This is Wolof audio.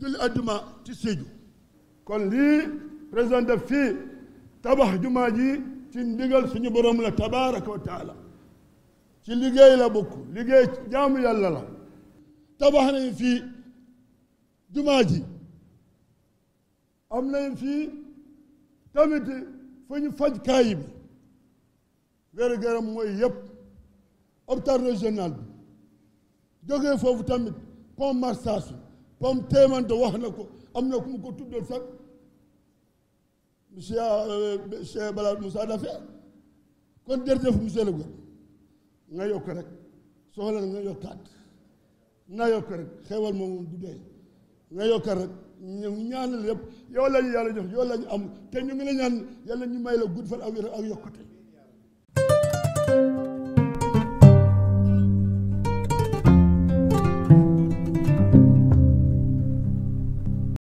جل أدما تسيجو كون لي بريزون دو في تبح جمعة جي تي نديغال سوني بروم لا تبارك وتعالى تي ليغي لا بوكو ليغي جام يالا لا تبحنا في جمعة جي امنا في تامت فني فاج كايب غير غير موي ييب اوبتار ريجيونال جوغي فوفو تامت بون مارساسو comme téemante wax na ko am na ku mu ko tuddal sax monsieur euh, balaa mu Moussa Daffé kon mu monsieur le gouverneur nga yokk rek soxla nga yokkaat nga yokk rek xewal moom du dee nga yokk rek ñaan ñaanal yëpp yow la ñu yàlla jox yow la ñu am te ñu ngi la ñaan yàlla ñu may la gudd fan ak wér ak yokkute